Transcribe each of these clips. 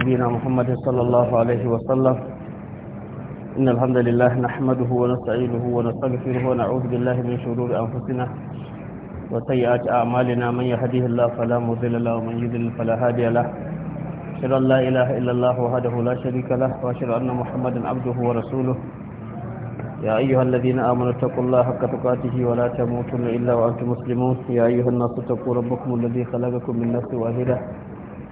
نبينا محمد صلى الله عليه وسلم إن الحمد لله نحمده ونستعينه ونستغفره ونعوذ بالله من شرور أنفسنا وسيئات أعمالنا من يهديه الله فلا مضل له ومن يضلل فلا هادي له أشهد أن لا إله إلا الله وحده لا شريك له وأشهد أن محمدا عبده ورسوله يا أيها الذين آمنوا اتقوا الله حق تقاته ولا تموتن إلا وأنتم مسلمون يا أيها الناس اتقوا ربكم الذي خلقكم من نفس واحدة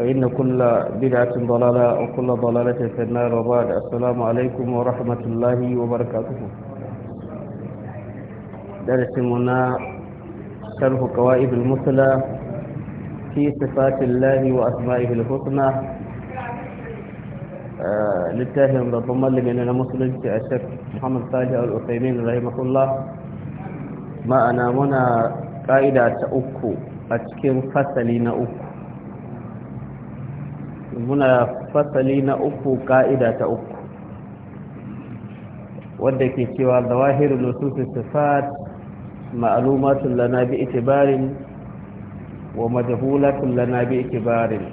فإن كل بدعة ضلالة وكل ضلالة في النار وبعد السلام عليكم ورحمة الله وبركاته درسنا شرح كوائب المثلى في صفات الله وأسمائه الحسنى آه للتاهم ربما المسلم في الشيخ محمد صالح الأثيمين رحمه الله ما أنا منا قائدة أكو أتكين فصلي أكو muna fasali na uku ka'ida ta uku wadda ke cewa zawahir lusufi sifat ma'alumatun lana bi itibarin wa majhulatun lana bi itibarin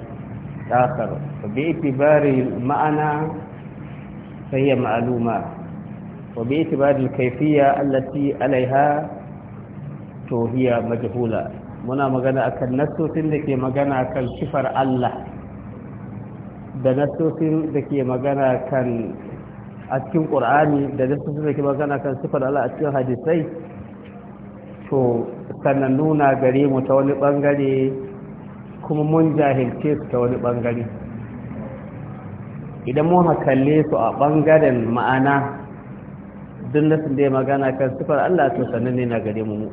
akhar bi itibarin ma'ana fahiya ma'aluma wa bi itibarin kaifiya allati alaiha to hiya majhula muna magana akan nassosin da ke magana kan sifar Allah da nasosin da ke magana kan a cikin ƙur'ani da nasosin da ke magana kan sifar Allah a cikin hadisai to sannan nuna gare mu ta wani ɓangare kuma mun jahilce su ta wani ɓangare idan mun kalle su a ɓangaren ma'ana duk nasin da ya magana kan sifar Allah to sannan ne na gare mu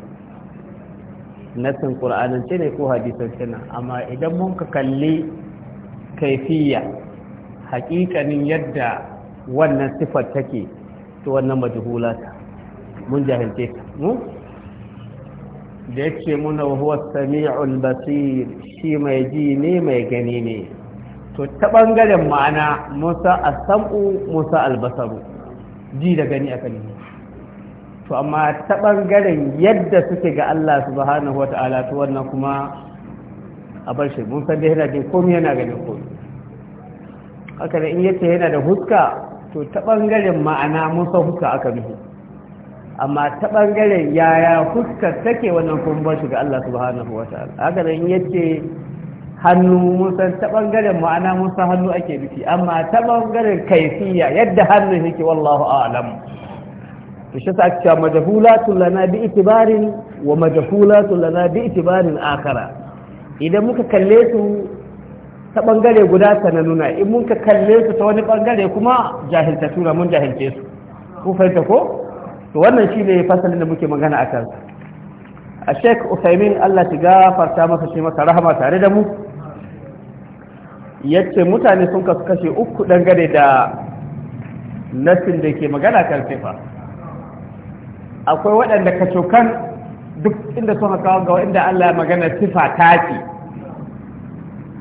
nasin ƙur'anance ne ko hadisance na amma idan mun ka kalli kaifiyya hakikanin yadda wannan sifar take to wannan majhula ta mun jahilce ta mu da yake muna huwa sami'ul basir shi mai ji ne mai gani ne to ta bangaren ma'ana musa as-sam'u musa al-basaru ji da gani a ne to amma ta bangaren yadda suke ga Allah subhanahu wata'ala to wannan kuma a bar shi mun san da yana jin komai yana ganin komai haka da in yace yana da huska to ta ɓangaren ma'ana musa huska aka nufi amma ta ɓangaren yaya huska take wannan kuma shi ga Allah subhanahu wa ta'ala haka da in yace hannu musan ta ɓangaren ma'ana musa hannu ake nufi amma ta ɓangaren kaifiya yadda hannun yake wallahu a'lam to shi sa cewa majhulatun lana bi itibarin wa majhulatun lana bi itibarin akara idan muka kalle su ta bangare guda sananuna in mun ka kalle su ta wani bangare kuma jahilta tura mun jahilce su ku fahimta ko to wannan shi ne fasalin da muke magana a kansa a sheik usaimin allah ta gafarta masa shi masa rahama tare da mu yace mutane sun kasu kashe uku dangane da nassin da ke magana kan sifa akwai waɗanda kacokan duk inda sun kawo ga inda allah magana sifa ta ce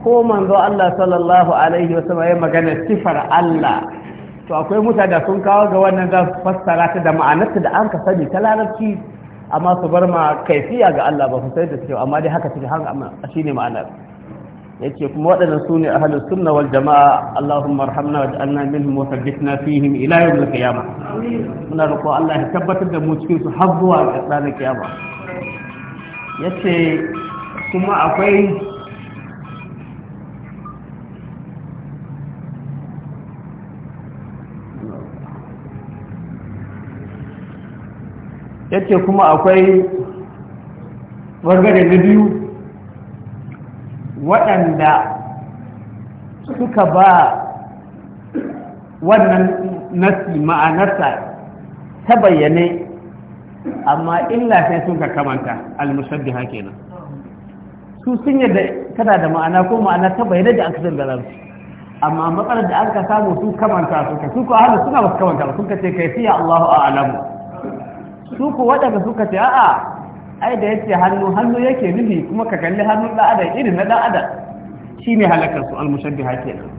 ko manzo Allah sallallahu alaihi wasallam ya magana sifar Allah to akwai mutane sun kawo ga wannan za su fassara ta da ma'anarta da an ka sani ta larabci amma su bar ma kaifiya ga Allah ba su sai da cewa amma dai haka take hanga amma shine ma'anar yace kuma waɗannan sune ahlus sunna wal jamaa Allahumma arhamna waj'alna minhum wa thabbitna fihim ila yawm al qiyamah muna roƙo Allah ya tabbatar da mu cikin su har zuwa ranar kiyama yace kuma akwai yace kuma akwai bangare na biyu waɗanda suka ba wannan nasi ma'anarsa ta bayyane amma illa sai sun ka kamanta almusabbi hake nan su sun yadda tana da ma'ana ko ma'ana ta bayyane da aka da larabci amma matsalar da aka samu su kamanta suka su ko hannu suna ba su kamanta ba sun ka ce kaifiya Allahu a'lamu su ku waɗanda suka ce a'a ai da yace hannu hannu yake nufi kuma ka kalli hannun ɗan adam irin na ɗan adam shine halakar su almushabbiha kenan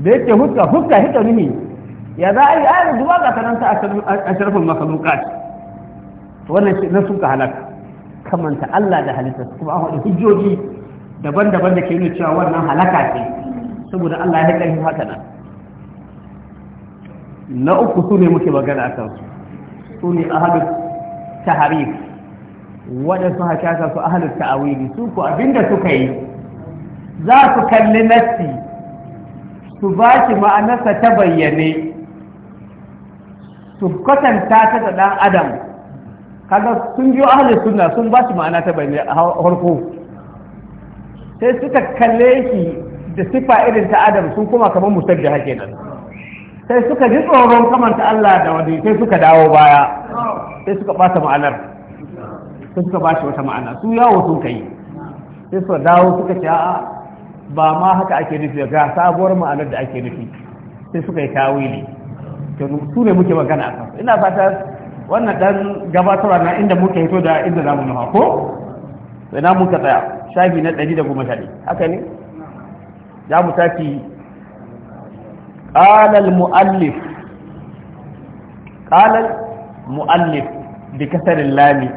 da yace hukka hukka hita nufi ya za a yi ayar zuwa ga karanta a sharafin makalukat wannan shi na suka halaka kamanta Allah da halitta kuma an haɗu hujjoji daban-daban da ke nuna cewa wannan halaka ce saboda Allah ya ƙarfi haka nan na uku su ne muke magana a kansu su ne ahalu taharif waɗansu hashaka su ahalu ta'awili su ku abinda suka yi za su kalli nassi su ba shi ma'anarsa ta bayyane su kwatanta ta da ɗan adam kaga sun biyo ahalin suna sun ba shi ma'ana ta bayyane a harko sai suka kalle shi da sifa irin ta adam sun kuma kamar musar da hake nan sai suka ji tsoron kamanta Allah da wani sai suka dawo baya sai suka ɓata ma'anar sai suka bashi wata ma'ana su yawo sun kai sai suka dawo suka ce a'a ba ma haka ake nufi ga sabuwar ma'anar da ake nufi sai suka yi tawili to su ne muke magana a kansu ina fata wannan dan gabatarwa na inda muke hito da inda zamu nufa ko sai na muka tsaya shafi na 111 haka ne za mu tafi قال المؤلف قال المؤلف بكسر اللام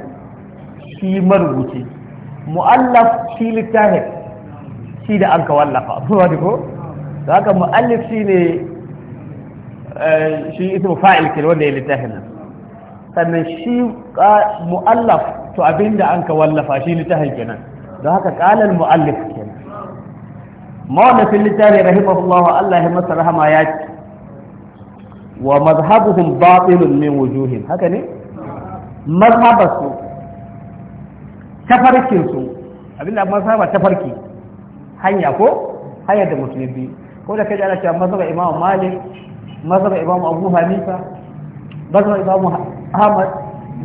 شي مربوطي مؤلف شي للتاهب شي ده أنك ولفا ذاك مؤلف شي ne shi fa'il ke wanda ya littafin nan sannan shi mu'allaf to abinda an ka wallafa shi littafin kenan don haka kalal mu'allif mawallafin littafi rahimahullahu Allah ya masa rahama ya ce wa mazhabuhum batilun min wujuhin haka ne mazhabarsu tafarkinsu abinda mazhaba tafarki hanya ko hanyar da musulmi biyu ko da da ana cewa mazhaba imam malik mazhaba imam abu hanifa mazhaba imam ahmad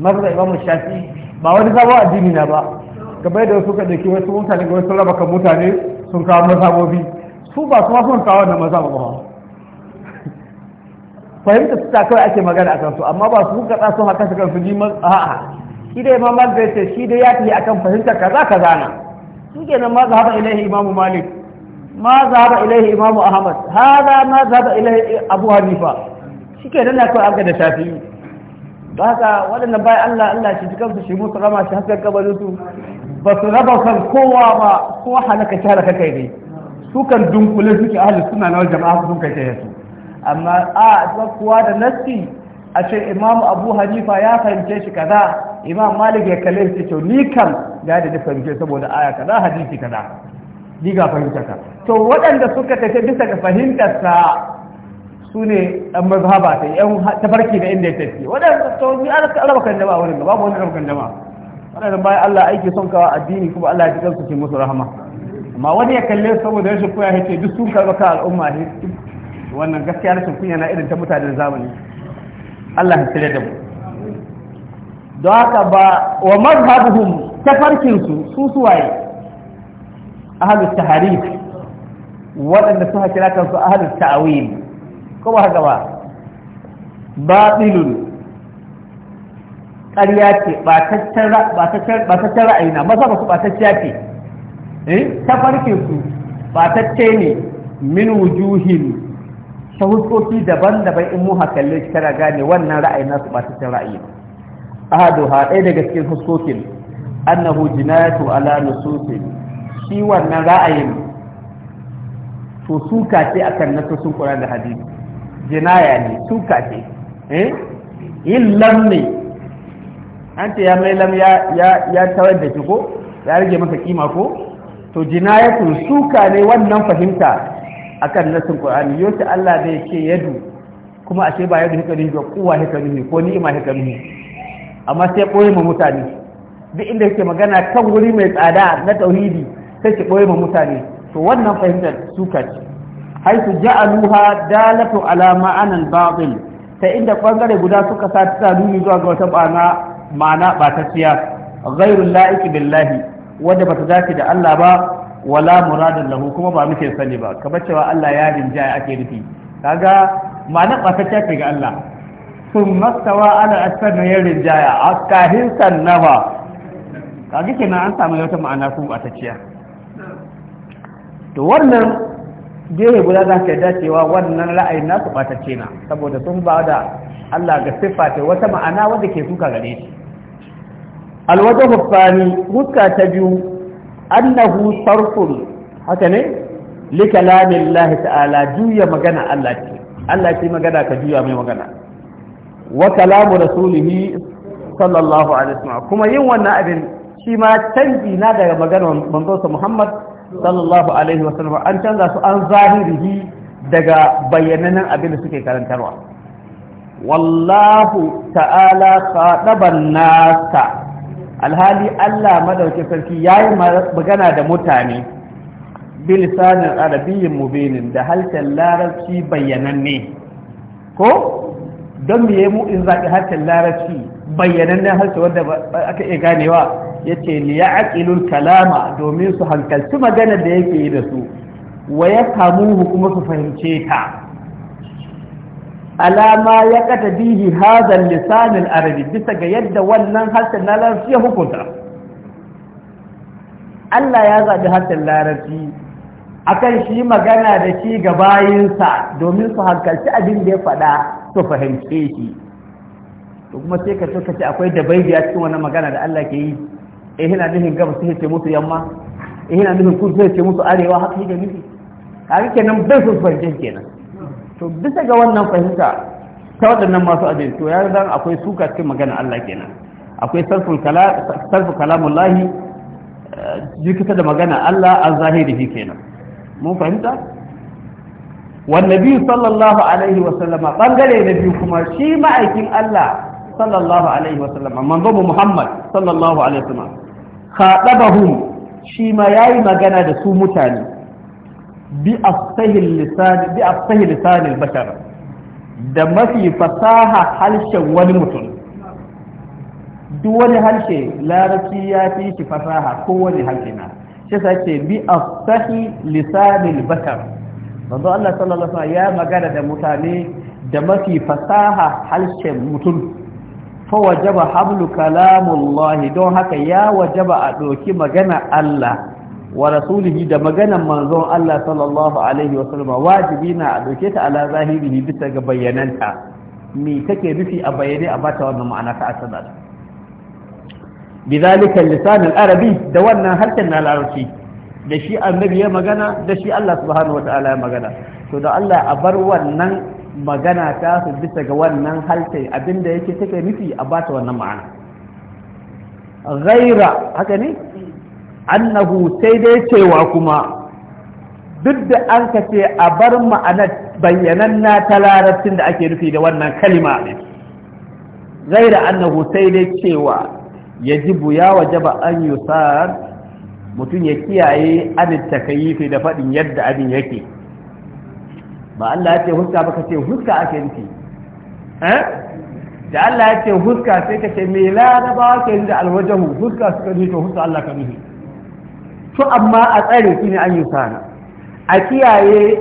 mazhaba imam shafi ba wani zama addini na ba kamar da wasu ka dauki wasu mutane ga wasu raba kan mutane sun kawo mazhabobi su ba su sun kawo da mazhabu ba fahimta su ta kawai ake magana akan su amma ba su tsa sun haka su kan su liman a'a shi dai ma malik zai ce shi dai ya fiye akan fahimta kaza kaza na shi nan ma haɗa ilaihi imamu malik maza haɗa ilaihi imamu ahmad haɗa maza haɗa ilaihi abu hanifa shi ke nan kawai aka da shafi ba haka waɗannan bayan allah allah shi cikin su shi musu rama shi haskar kabarin su ba su raba san kowa ba ko halaka ta halaka kai ne su kan dunkule suke ahli suna na jama'a su kai kai su amma a kuwa da nasti a ce imamu abu hanifa ya fahimce shi kaza imam malik ya kalle shi to ni kan da da fahimce saboda aya kaza hadisi kaza ni ga fahimta ka to waɗanda suka tafi bisa ga fahimtar sa su ne ɗan mazhaba ta yan tafarki da inda ya tafi waɗanda to ni an raba kan jama'a wurin babu wani raba kan jama'a waɗannan bayan Allah aiki son kawo addini kuma Allah ya ji kansu ke musu rahama amma wani ya kalle saboda rashin kunya ya ce duk sun karɓa ka al'umma ne wannan gaskiya rashin kunya na irin ta mutanen zamani Allah ya tsire da mu don haka ba wa mazhabuhum tafarkin su su suwaye ahlus taharif waɗanda suka kira kansu ahlus ko kuma haka ba batilun ƙarya ce ɓataccen ra'ayi na maza basu ɓatacciya ce eh, ta farke su ce ne min wujuhin ta huskoki daban-daban in mu hakalle shi kana gane wannan ra'ayi nasu ɓataccen ra'ayi a ha ɗaya daga cikin huskokin annahu jinayatu ala nususin shi wannan ra'ayin to suka ce akan nasosin Qur'an da hadisi jinaya ne suka ce eh illan an ce ya lam ya tawar da ko ya rage masa kima ko to sun suka ne wannan fahimta akan nasin qur'ani yau Allah zai ce yadu kuma ashe ba yadu hika ba kuwa hika ne ko ni'ima hika ne amma sai koyi ma mutane duk inda yake magana kan wuri mai tsada na tauhidi sai ki koyi ma mutane to wannan fahimtar suka ce haitu ja'aluha dalatu ala ma'anan batil ta inda bangare guda suka sa ta nuni zuwa ga wata bana ma'ana siya ghairul la'iki billahi wanda bata dace da Allah ba wala muradin lahu kuma ba muke sani ba kamar cewa Allah ya rinjaya ake nufi kaga ma'ana ta ce ga Allah sun mastawa ala asfarin ya rinjaya a kahin sannaba kaga kenan an samu wata ma'ana sun ciya to wannan gehe guda za ka yadda cewa wannan ra'ayin nasu ce na saboda sun ba da Allah ga siffa wata ma'ana wanda ke suka gare shi alwajen huffani huska ta biyu annahu sarfun haka ne likalamin lahi ta'ala juya magana Allah ce Allah ce magana ka juya mai magana wa kalamu rasulihi sallallahu alaihi wasallam kuma yin wannan abin shi ma canji na daga maganar manzonsa Muhammad sallallahu alaihi wasallam an canza su an zahirihi daga bayyananan abin da suke karantarwa wallahu ta'ala khadaban nasa alhali Allah madaukin sarki yayi magana da mutane bilisanin arabiyyin mubinin da harshen larabci bayyananne ko don me mu in zaki harshen larabci bayyanannen harshe wanda aka iya ganewa yace li ya'qilul kalama domin su hankalci magana da yake yi da su wa ya kamuhu kuma su fahimce ta alama ya kata bihi hazan lisanin arabi bisa ga yadda wannan harshen na larabci ya hukunta Allah ya zaɓi harshen larabci akan shi magana da shi ga bayinsa domin su hankalci abin da ya faɗa su fahimce shi to kuma sai ka so ka ce akwai da bai biya cikin wannan magana da Allah ke yi eh ina nufin gaba sai ce musu yamma eh ina nufin kudu sai ce musu arewa haka yake nufi kaga kenan bai so su fahimce kenan to bisa ga wannan fahimta ta waɗannan masu abin to ya zan akwai suka cikin magana Allah kenan akwai sarfu kalamullahi eh, jikita da magana Allah an zahiri shi kenan mun fahimta wannabi sallallahu alaihi wa wasallama bangare na biyu kuma shi ma'aikin Allah sallallahu alaihi wa wasallama manzo Muhammad sallallahu alaihi wa wasallama khadabahum shi ma yayi magana da su mutane bi asahi lisanin bashar da mafi fasaha harshen wani mutum duk wani harshe larabci ya fi shi fasaha ko wani harshe na shi sa ce bi asahi lisanin bashar manzo Allah sallallahu alaihi ya magana da mutane da mafi fasaha harshen mutum fa wajaba hablu kalamullahi don haka ya wajaba a doki magana Allah wa rasulihi da maganan manzon Allah sallallahu alaihi wa sallam wajibi na a doke ta ala zahirihi bisa ga bayyananta me take nufi a bayyane a bata wannan ma'ana ta asalar bidhalika lisan al-arabi da wannan harshen na larabci da shi annabi ya magana da shi Allah subhanahu wa ta'ala ya magana to da Allah a bar wannan magana ta su bisa ga wannan harshen abinda yake take nufi a bata wannan ma'ana ghaira haka ne annahu sai dai cewa kuma duk da an ka ce a bar ma'anar na ta larabcin da ake nufi da wannan kalima ne gaira annahu sai dai cewa yajibu ya wajaba an yusar mutum ya kiyaye yi takayifi da faɗin yadda abin yake ba Allah ya ce huska ba ka ce huska ake nufi eh? da Allah ya ce huska sai ka ce me larabawa ke da alwajahu huska suka nufi to huska Allah ka nufi to amma a tsare shi ne an yi sana a kiyaye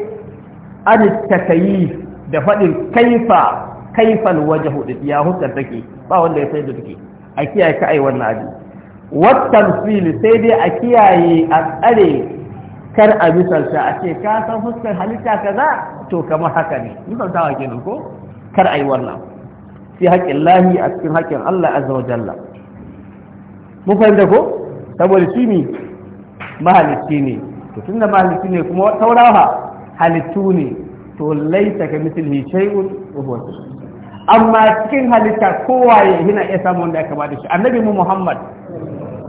an takayi da faɗin kaifa kaifal waje hudu ya hukar take ba wanda ya sai da take a kiyaye ka ai wannan abin wattan fili sai dai a kiyaye a tsare kar a misalta a ce ka san fuskar halitta kaza to kamar haka ne ke kenan ko kar a yi wannan fi haƙƙin lahi a cikin haƙƙin Allah azza wa jalla mu fahimta ko saboda shi ne mahalicci ne to tun da mahalicci ne kuma taurawa halittu ne to laita ka mislihi shay'un wa amma cikin halitta kowaye yana iya samun wanda ya kama da shi annabi mu Muhammad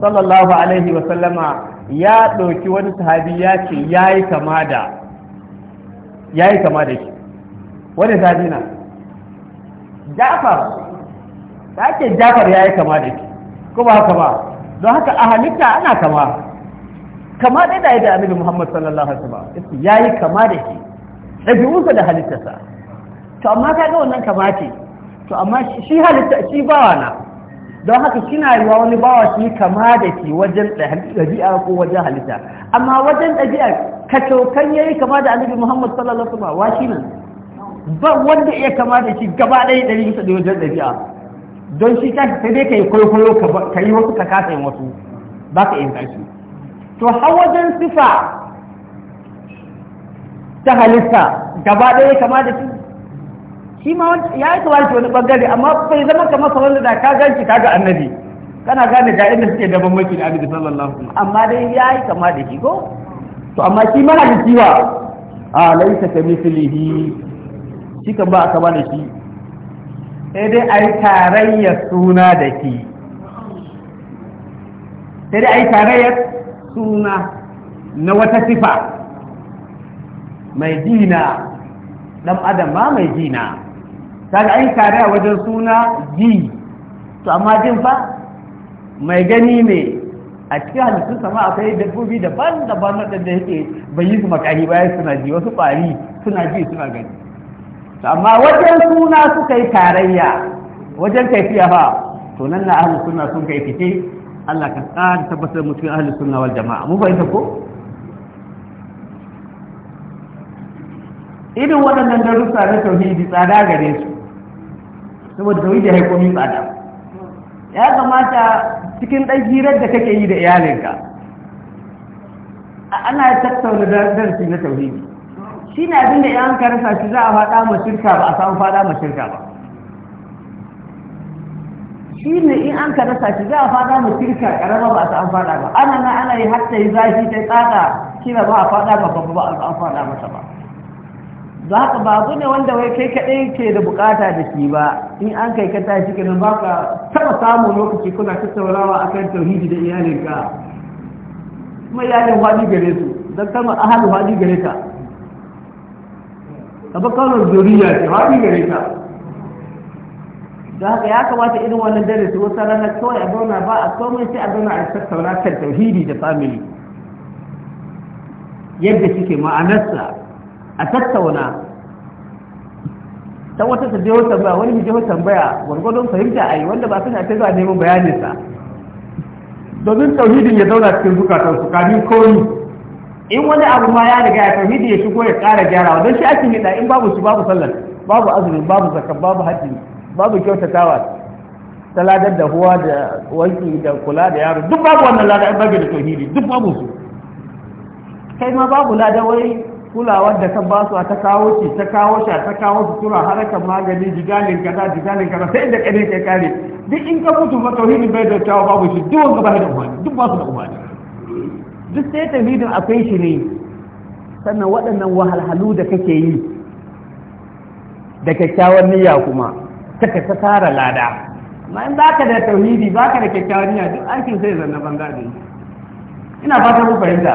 sallallahu alaihi wa sallama ya ɗauki wani sahabi ya ce yayi kama da yayi kama da shi wani sahabi na Ja'far ta ce Ja'far ya yi kama da shi ko ba haka ba don haka a halitta ana kama kama dai da yadda annabi Muhammad sallallahu alaihi wasallam yayi kama da shi ɗabi'unsa da halittarsa to amma kaga wannan kama ce to amma shi halitta shi bawa na don haka shi na yiwa wani bawa shi kama da shi wajen ɗabi'a ko wajen halitta amma wajen ɗabi'a kacokan yayi kama da annabi Muhammad sallallahu alaihi wasallam wa shi nan ba wanda iya kama da shi gaba ɗaya ɗari bisa da wajen ɗabi'a don shi kanka sai dai ka yi kwaikwayo ka yi wasu ka kasa yin wasu ba ka yin kashi to wajen sifa ta halitta gaba ɗaya kama da shi shi ma ya yi kawai wani bangare amma bai zama kamar sauran da ka ganci ka ga annabi kana gane ga inda suke daban maki da annabi sallallahu alaihi amma dai ya yi kama da shi ko to amma shi ma halitti wa a laisa ka mislihi shi kan ba a kama da shi sai dai a yi tarayyar suna da shi sai dai a yi tarayyar suna na wata sifa mai jina ɗan adam ma mai jina ta an kare a wajen suna ji to amma jin fa mai gani ne a cikin halittun sama akwai dabbobi daban-daban da yake bai yi su makari bayan suna ji wasu ƙwari suna ji suna gani amma wajen suna suka yi tarayya wajen kaifiya fa to nan na ahlus suna sun kai fice Allah ka tsara tabbatar mu cikin ahlus sunna wal jama'a mu fahimta ko irin waɗannan darussa na tauhidi tsada gare su saboda tauhidi ya komi tsada ya kamata cikin ɗan hirar da kake yi da iyalinka ana tattauna darasi na tauhidi shi na abin da iyalinka karasa shi za a faɗa ma shirka ba a samu faɗa ma shirka ba shi ne in an ka rasa shi za a fada mu tirka karama ba a an fada ba ana na ana yi har ta yi zafi ta tsada kila ba a fada ba babba ba a an fada masa ba za ka ba ne wanda wai kai kaɗai ke da bukata da shi ba in an kai ka tashi nan ba ka taɓa samun lokaci kuna tattaunawa kan tauhidi da iyalinka kuma iyalin wani gare su don kama ahalin wani gare ka ka ba kawai zuriya ce wani gare ka don haka ya kamata irin wannan darasi wata rana kawai a zauna ba a komai sai a zauna a tattauna kan tauhidi da family yadda suke ma'anarsa a tattauna ta wata ta jeho tambaya wani mai jeho tambaya gwargwadon fahimta a yi wanda ba su ta zuwa neman bayaninsa domin tauhidin ya zauna cikin zukatan su kamin koyi in wani abu ma ya riga ya tauhidi ya shigo ya ƙara gyarawa don shi ake nida in babu shi babu sallar babu azumin babu zakka babu hajji babu kyautatawa ta ladar da huwa da wanki da kula da yaro duk babu wannan lada in babu da tauhidi duk babu su kai ma babu lada wai kulawar da ka basu a ta kawo shi ta kawo shi ta kawo su tura harakan magani jigalin kaza jigalin kaza sai inda kare kai kare duk in ka mutu ma tauhidi bai da tawa babu shi duk wanda ba da umarni duk basu da umarni duk sai tauhidin akwai shi ne sannan waɗannan wahalhalu da kake yi da kyakkyawan niyya kuma kaka ta tara lada amma in baka da tauhidi baka da kyakkyawar niyya duk aikin sai zanna bangare ina fata ku fahimta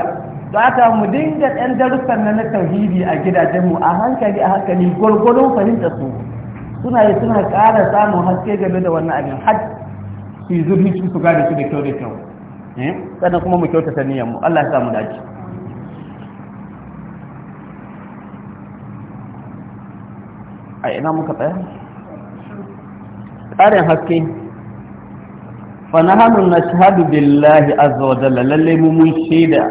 to haka mu dinga ɗan darussan na na tauhidi a gidajen mu a hankali a hankali gwargwadon fahimta su suna yi suna ƙara samun haske game da wannan abin har su yi zurfi su gane su da kyau da kyau eh? sannan kuma mu kyautata niyyar mu Allah ya samu dace a ina muka tsaya ƙarin haske fanahanu na shahadu billahi azza lalle mu mun shaida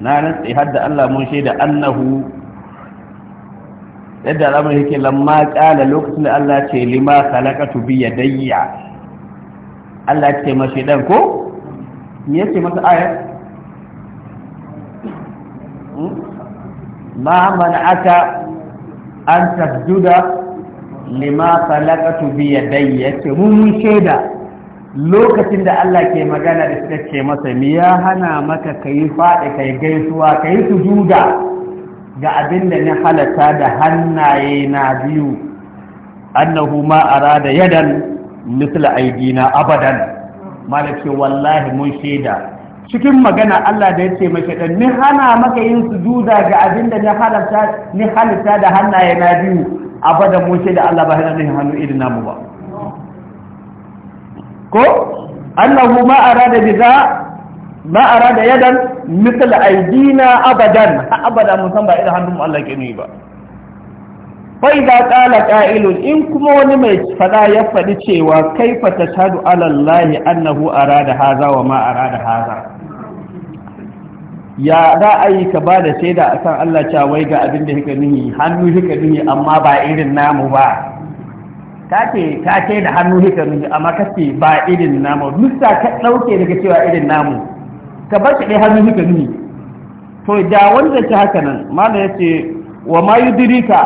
na rantsi hadda Allah mun shaida annahu yadda yake lamma ƙala lokacin da Allah ce lima khalaqatu bi yadayya Allah ce mashi dan ko me yake masa ayat hmm? ma man'aka an tasjuda lima khalaqatu bi yadayya yace mun mun lokacin da Allah ke magana da suka ce masa mi ya hana maka kai fadi kai gaisuwa kai sujuda ga abin da na halatta da hannaye na biyu annahu ma arada yadan mithla aidina abadan malaki wallahi mun shaida cikin magana Allah da ya ce mashi dan ni hana maka yin sujuda ga abin da ni ni halitta da hannaye na biyu abadan mu da Allah ba hana ni hannu irin namu ba ko annahu ma arada biza ma arada yadan misal aidina abadan abada mun san ba irin hannun Allah ke ni ba fa idza qala qa'ilun in kuma wani mai fada ya fadi cewa kaifa tashhadu ala Allah annahu arada haza wa ma arada haza ya ra'ayi ka ba da shaida a kan Allah cewa wai ga abin da hika nuhi hannu hika nuhi amma ba irin namu ba ka ce ka ce da hannu hika nuhi amma ka ce ba irin namu musa ka ɗauke daga cewa irin namu ka bar shi ɗaya hannu hika nuhi to da wanda ce haka nan mala ya ce wa ma yudrika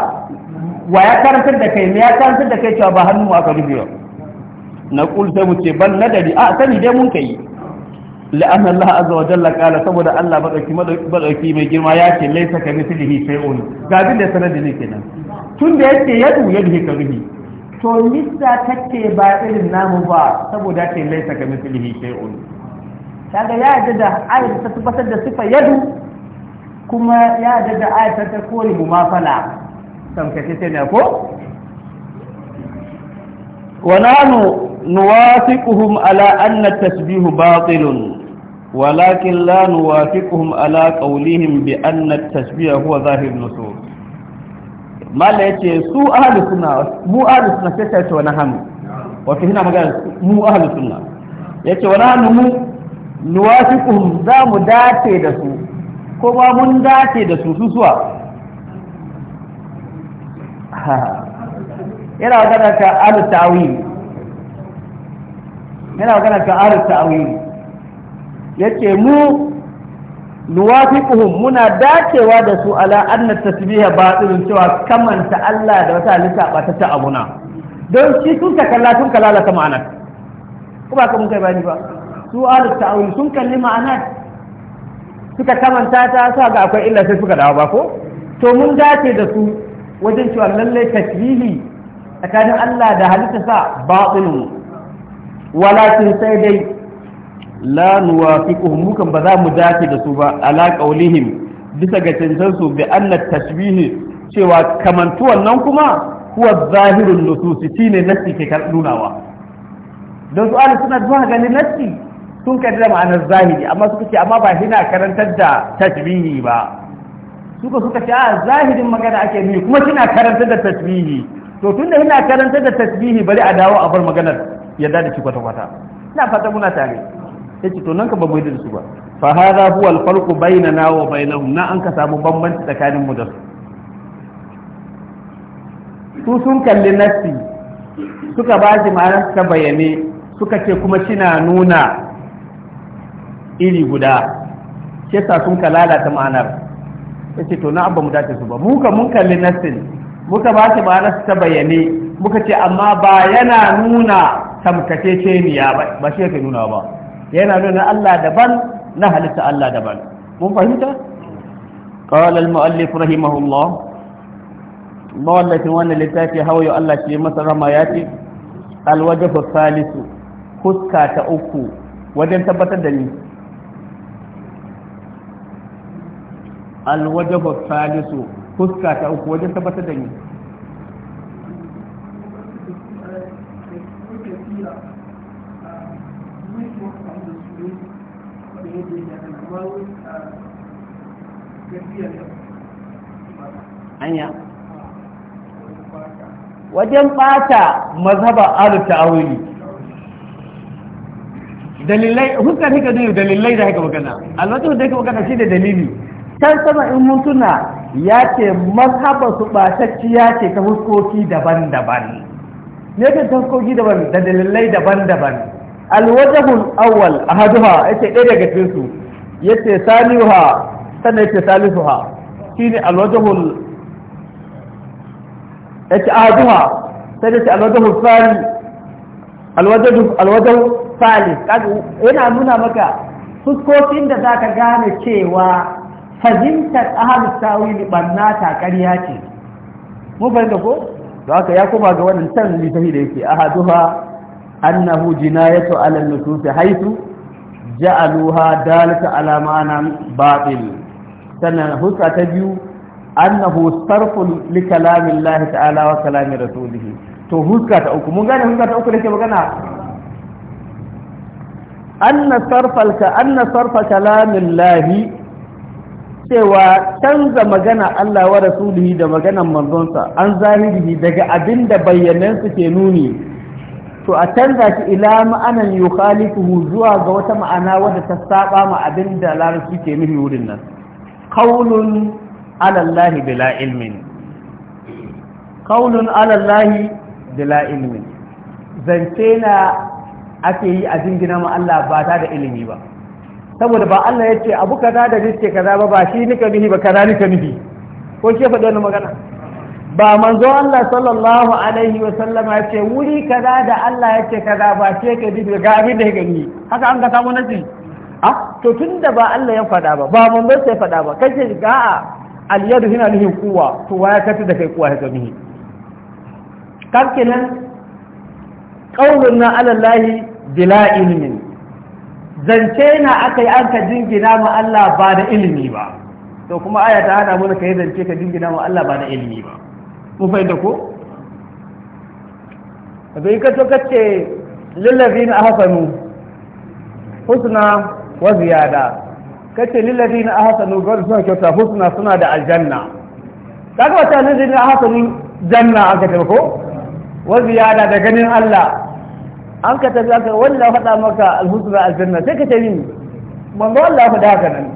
wa ya karantar da kai ne ya karantar da kai cewa ba hannu aka rubewa na kul sai mu ce ban nadari a sani dai mun kai لأن الله عز وجل قال kala saboda Allah madauki mai girma ya ce laisa ka mithlihi shay'un دي da sanar da ni kenan tun da yake yadu ya to nisa take ba irin namu ba saboda ce laisa ka mithlihi shay'un kaga ya yadda da ta tabbatar da sifa yadu kuma ya yadda da ta kore mu mafala sai ne ko wa nanu nuwasiquhum ala anna batilun ولكن لا نوافقهم على قولهم بان التشبيه هو ظاهر النصوص ما لا يتي سو اهل السنه مو اهل السنه كيف ونحن وفي هنا مقال مو اهل السنه يتي وانا مو نوافقهم za mu دسو كوما من ko دسو سو dace da su susuwa yana magana ta alu ta'wil yana magana ta alu ta'wil yace mu nuwafiquhum muna dacewa da su ala anna tasbiha batilun cewa kamanta Allah da wata halitta ba ta abuna don shi sun ta kalla sun ka ta ma'anar ko ba ka mun kai bani ba su ahlus ta'awil sun kalli ma'anar suka kamanta ta sa ga akwai illa sai suka dawo ba ko to mun dace da su wajen cewa lallai tasbihi tsakanin Allah da halitta sa batilun walakin sai dai la nuwafiquhum mukan ba za mu dace da su ba ala qaulihim bisa ga cancan su bi anna tashbihi cewa kamantuwan nan kuma huwa zahirun nusus tine nasi ke nunawa don su ahli suna zuwa ganin nasi sun kaddara ma'anar zahiri amma suka ce amma ba hina karantar da tashbihi ba suka suka ce a zahirin magana ake nuni kuma kina karantar da tashbihi to tunda hina karantar da tashbihi bari a dawo a bar maganar yadda da shi kwata-kwata ina fata muna tare yace to nan ka babu da su ba fa hadha huwa al farq bainana wa bainahum na an ka samu bambanci tsakanin mu da su su sun kalli nassi suka ba shi ma'anar ta bayane suka ce kuma shina nuna iri guda ke sa sun ka lalata ma'anar yace to na abba mu dace su ba mu ka mun kalli nassin muka ba shi ma'anar ta bayane muka ce amma ba yana nuna tamkace ce ni ya ba shi yake nuna ba yana nuna Allah daban na halitta Allah daban mun fahimta qala al-mu'allif rahimahullah mawallafin wannan littafi hawayo Allah shi masa rama ya ce al-wajhu salisu fuska ta uku wajen tabbatar da ni al ta uku wajen tabbatar da ni anya wajen bata mazhaba alu ta'awili dalilai huska ne ka dalilai da haka magana alwatu da haka magana shi da dalili can sama in mutuna ya ce mazhaba su batacciya ce ta huskoki daban-daban ne ta huskoki daban da dalilai daban-daban alwajahul awwal ahaduha yace ɗaya daga cikin su yace saniha sannan yake salisuha shine alwajhul yake ahaduha sai yake alwajhul sali alwajhu alwajhu sali yana nuna maka fuskokin da zaka gane cewa fahimtar ahlus tawili banna ta ƙarya ce mu fahimta ko to haka ya koma ga wannan tan litafi da yake ahaduha annahu jinayatu ala nusus haythu ja'aluha dalata ala ma'anan batil sannan huska ta biyu annahu sarfun li kalamillahi ta'ala wa kalami rasulih to huska ta uku mun gane huska ta uku dake magana anna sarfal ka anna sarfa kalamillahi cewa canza magana Allah wa rasulihi da maganan manzonsa an zahiri daga abinda bayyanan su ke nuni to a canza shi ila ma'anan yukhalifuhu zuwa ga wata ma'ana wadda ta saba ma abin da larabci ke nufi wurin nan Kaulun alallahi bila ilmin kaulun alallahi bila ilmin zance na ake yi a jingina ma Allah ba ta da ilimi ba saboda ba Allah ya ce abu kaza da riske kaza ba ba shi nika nihi ba kaza nika nihi ko ke faɗi wani magana ba manzo Allah sallallahu alaihi wa sallama ya ce wuri kaza da Allah ya ce kaza ba ce ka bi ga abin da ya gani haka an ga samu nasi a ah, to tun da ba Allah ya faɗa ba ba bar sai faɗa ba kace ga a aliyadu hina nihin kuwa to waya kace da kai kuwa ya gami kan kenan qaulun na alallahi bila ilmin zance na akai an ka jingina ma Allah ba da ilimi ba to kuma aya ta hada mana kai zance ka jingina ma Allah ba da ilimi ba mu fahimta ko ka ka to kace lillazina ahsanu husna wa ziyada kace lillazi na ahsanu bar suna kyauta husna suna da aljanna kaga wata ne da ahsanu janna aka ce ko wa ziyada da ganin Allah an ka tafi aka wanda ya faɗa maka alhusna aljanna sai ka ce ni manzo Allah ya faɗa nan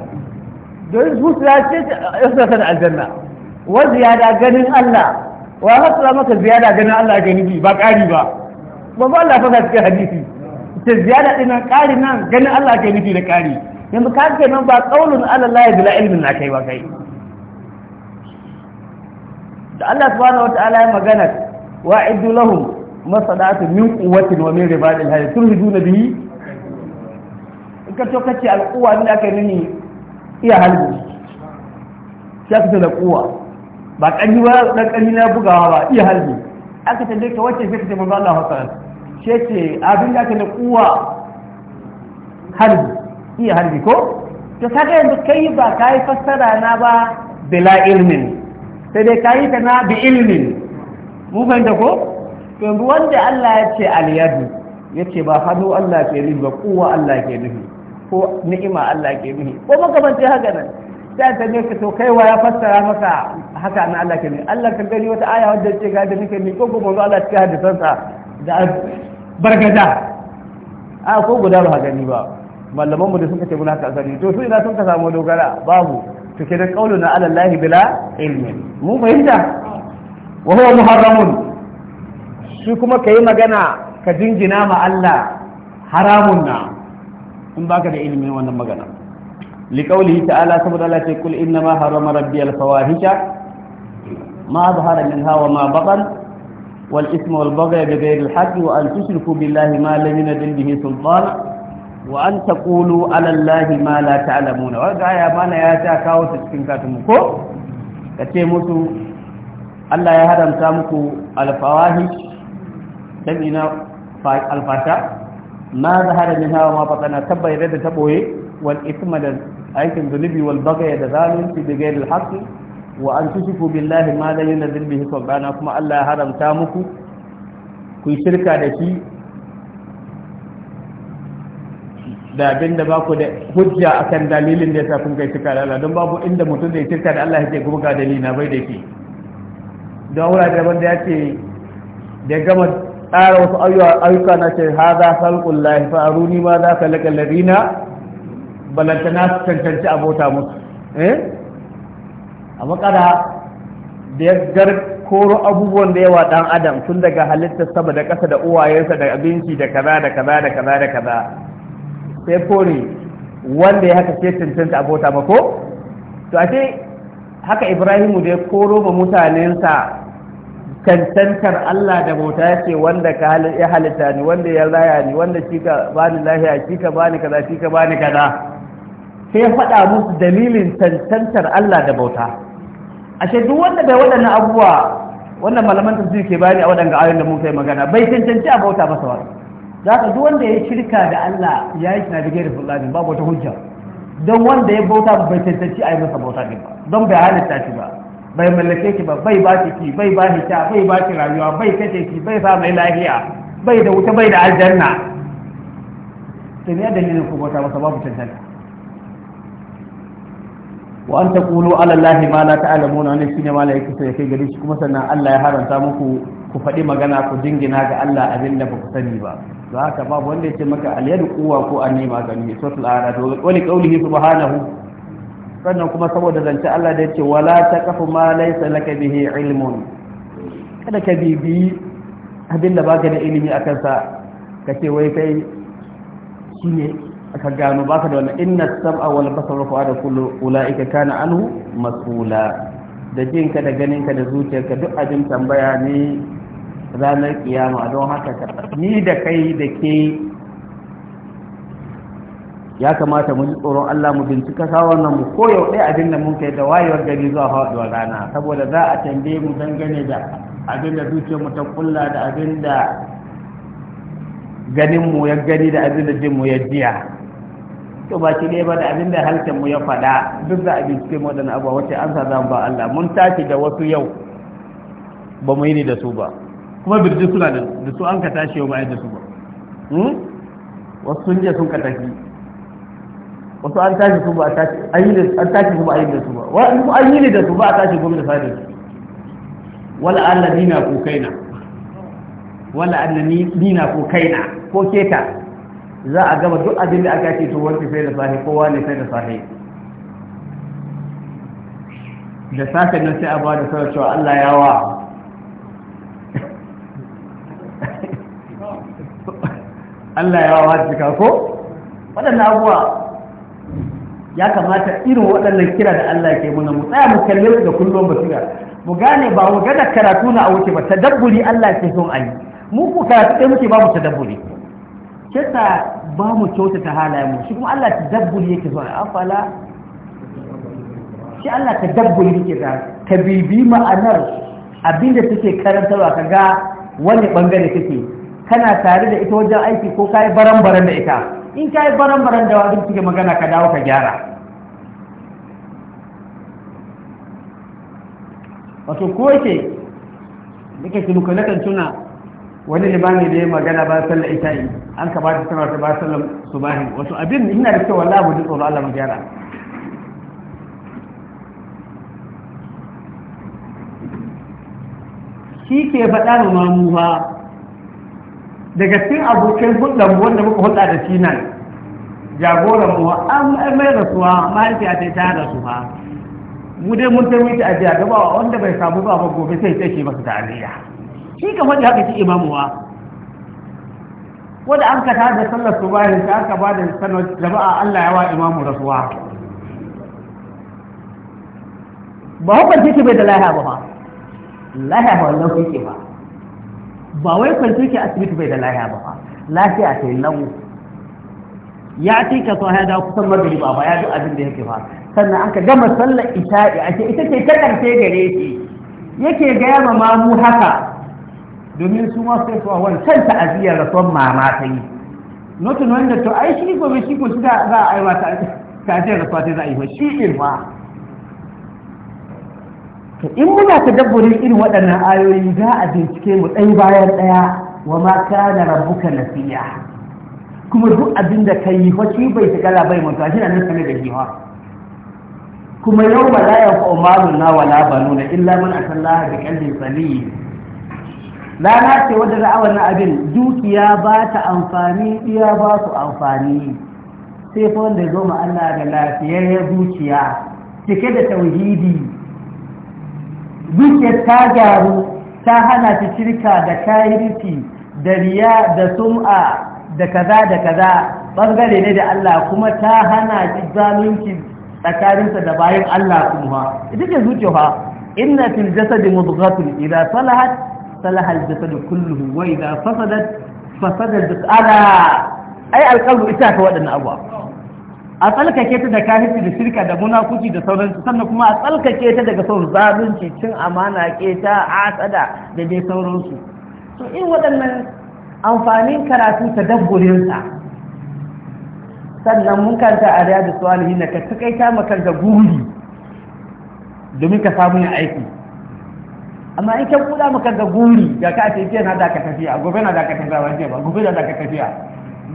don husna ce ya san aljanna wa ziyada ganin Allah wa hasra maka ziyada ganin Allah ganin bi ba ƙari ba manzo Allah ya faɗa cikin hadisi da ziyada din nan ƙari nan ganin Allah ke nufi da ƙari yanzu ka ce nan ba ƙaunin Allah ya bila ilmin na kai ba kai da Allah subhanahu wataala ya magana wa'idu lahum masadatu min quwwatin wa min ribadil hayy turhiduna bihi in ka to al'uwa alquwa ne aka nini iya halin shi aka da kuwa ba kanji ba ɗan kanji na bugawa ba iya halin aka tambaye ka wacce sai ka ce ba Allah sallallahu ce ce abin da aka na kuwa harbi iya harbi ko to kaga yanzu kai ba ka yi fassara na ba bila ilmin sai dai ka yi ta na bi ilmin mu fahimta ko to yanzu wanda Allah ya ce aliyadu ya ce ba hannu Allah ke nufi ba kuwa Allah ke nufi ko ni'ima Allah ke nufi ko makamanci haka nan sai ta ne ka to kaiwa ya fassara maka haka na Allah ke nufi Allah ka gani wata aya wadda ce ga da nake ni ko gobe Allah ta hadisansa da bargaza a ko guda ba gani ba malaman mu da suka ce muna kasari to su ina sun ka samu dogara babu to ke da ala lahi bila ilmi mu fahimta wa huwa muharramun shi kuma kai magana ka jingina ma Allah haramun na in baka da ilimin wannan magana qawlihi ta'ala saboda Allah ce kul inna ma harama rabbi al fawahisha ma zahara minha wa ma batan والإثم والبغي بغير الحق وأن تشركوا بالله ما لم ينزل به سلطان وأن تقولوا على الله ما لا تعلمون وهذا يا مانا يا تاكاو تشكين كاتمكو كتيموتو الله يهدم تامكو الفواحش سمعنا الفاشا ما ظهر منها وما بطن تبا يريد تبوي والإثم أيكم ذنبي والبغي يدزالون في بغير الحق wa an tusifu billahi ma la yunzil bihi subhana kuma Allah ya haramta muku ku yi shirka da shi da abin da baku da hujja akan dalilin da yasa kun kai shirka da Allah don babu inda mutum zai shirka da Allah yake kuma ga dalilina bai da shi don wurare da da ya ce da gama tsara wasu ayyuka na ce ha za salƙun lahi fa'aruni ma za ka laƙa larina balantana su cancanci abota musu eh a makara da ya koro abubuwan da yawa dan adam tun daga halittar sama da ƙasa da uwayensa da abinci da kaza da kaza da kaza da kaza sai kore wanda ya haka sai cancanta abota ba ko to a ce haka ibrahimu da ya koro ba mutanensa cancantar Allah da bauta ya ce wanda ka ya halitta ni wanda ya raya ni wanda shi ka bani lahiya shi ka bani kaza shi ka bani kaza sai faɗa musu dalilin cancantar Allah da bauta ashe duk wanda bai waɗannan abubuwa wannan malaman tafsir ke bayani a waɗanda ayoyin da muka yi magana bai cancanci a bauta masa wa za ka duk wanda ya shirka da Allah ya yi na da fulani babu wata hujja don wanda ya bauta bai cancanci a yi masa bauta ne ba don bai halitta shi ba bai mallake ki ba bai ba ki bai ba ki ta bai ba ki rayuwa bai kace ki bai sa mai lafiya bai da wuta bai da aljanna sai ne dalilin ku bauta masa babu cancanta wa an taqulu ala allahi ma la ta'lamuna wannan shine malaiku sai kai gari shi kuma sannan Allah ya haranta muku ku faɗi magana ku dingina ga Allah abin da ba ku sani ba to haka babu wanda ya ce maka alyadu quwa ko annima ga ni suratul arad wa li qawlihi subhanahu sannan kuma saboda zance Allah da yake wala taqafu ma laysa laka bihi ilmun kada ka bibi abin da baka da ilimi akan sa kace wai kai shine aka gano baka da wannan inna sam'a wal basara wa da kullu ulaika kana anhu mas'ula da jinka da ganinka da zuciyarka duk abin tambaya ne ranar kiyama don haka ka ni da kai da ke ya kamata mu ji tsoron Allah mu bincika sa wannan mu koyo ɗaya abin da mun kai da wayewar gari zuwa faɗuwar rana saboda za a tambaye mu dangane da abin da zuciyar mu ta kulla da abin da ganin mu ya gani da abin da jin mu ya jiya to shi dai ba da abin da halkan mu ya faɗa duk da abin cikin waɗannan abu wacce an sa zan ba Allah mun tashi da wasu yau ba mu yi ni da su ba kuma birji suna da su an ka tashi yau ba yi da su ba hmm? wasu sun je sun ka tafi wasu an tashi su ba an tashi su ba a yi da su ba wa an yi ni da su ba a tashi gobe da da su wala Allah ku ko kaina wala Allah dina ko kaina ko keta za a gama duk abin da aka ce to wanke sai da sahi kowa ne sai da sahi da safe nan sai a ba da sarar cewa Allah ya wa Allah ya wa hajjika ko waɗannan abuwa ya kamata irin waɗannan kira da Allah ke muna mu tsaya mu kalle su da kullum basira mu gane ba mu gada karatu na a wuce ba tadabburi Allah ke son ayi mu ku karatu ɗaya muke babu tadabburi kisa ba mu kyautata halaye mu shi kuma Allah ta dabbuli yake zuwa afala shi Allah ta dabbuli yake zuwa ka bibi ma'anar abinda take karantarwa ka ga wani bangare take kana tare da ita wajen aiki ko kayi baran-baran da ita in kayi baran-baran da wajen suke magana ka dawo ka gyara wato ko yake nake tunuka nakan tuna wani limami da ya magana ba sallar isha'i an ka bata sanar ta ba sallar subahin wasu abin ina da cewa wallahi mu ji tsoro Allah mu gyara shi ke faɗa da mamu ba daga cikin abokan hulɗar wanda muka hulɗa da shi nan jagoran mu an mai rasuwa mahaifi a ta da su ha mu dai mun taimaki a jiya gaba wanda bai samu ba gobe sai ta ke masa tarayya shi ka faɗi haka shi imamuwa wanda an ka da sallar su bayan ta aka ba da sanar jama'a Allah ya wa imamu rasuwa ba hukunci ki bai da lahiya ba ba lahiya ba wallan kuke ba ba wai kwanci ki asibiti bai da lahiya ba ba lafiya ta yi lau ya ce ka so haida kusan magari ba ba ya ji abin da yake ba sannan an ka gama sallar a ce ita ce ta ƙarshe gare shi yake gaya ma mamu haka domin su ma sai a kan ta'aziyar rasuwar mama ta yi notin wanda to ai shi gobe shi ko shi za a aiwata ta'aziyar rasuwa ta za a yi wa shi ma. to in muna ta tadabburin irin waɗannan ayoyi za a bincike mu ɗan bayan ɗaya wa ma kana rabbuka nasiya kuma duk abin da kai fa shi bai shiga bai mutuwa shi nan sanar da shi kuma yau ba yi yanfa'u malun na wala banuna illa man atallaha bi qalbin salim rana ce wadda ra'awar na abin dukiya ba ta amfani iya ba su amfani sai fa wanda ya zo ma Allah da lafiyar zuciya cike da tauhidi duk ta gyaru ta hana ta shirka da kayirfi da riya da sum'a da kaza da kaza bangare ne da Allah kuma ta hana ki zalunci tsakaninsa da bayan Allah kuma ita ce zuciya inna fil jasadi mudghatun idza salahat صلح الجسد كله وإذا فسدت فسد الجسد ألا أي القلب إتاك ودنا أبوا a tsalkake ta da kafirci da shirka da munafuci da sauransu sannan kuma a tsalkake ta daga sauran zalunci cin amana keta asada da dai sauransu to in waɗannan amfanin karatu ta dabburinsa sannan mun kanta a riyadu suwalihin na ka takaita makar da guri domin ka samu yin aiki amma in kan kuda maka ga guri ga ka ce ke na da ka tafiya gobe na da ka tafiya ce ba gobe na da ka tafiya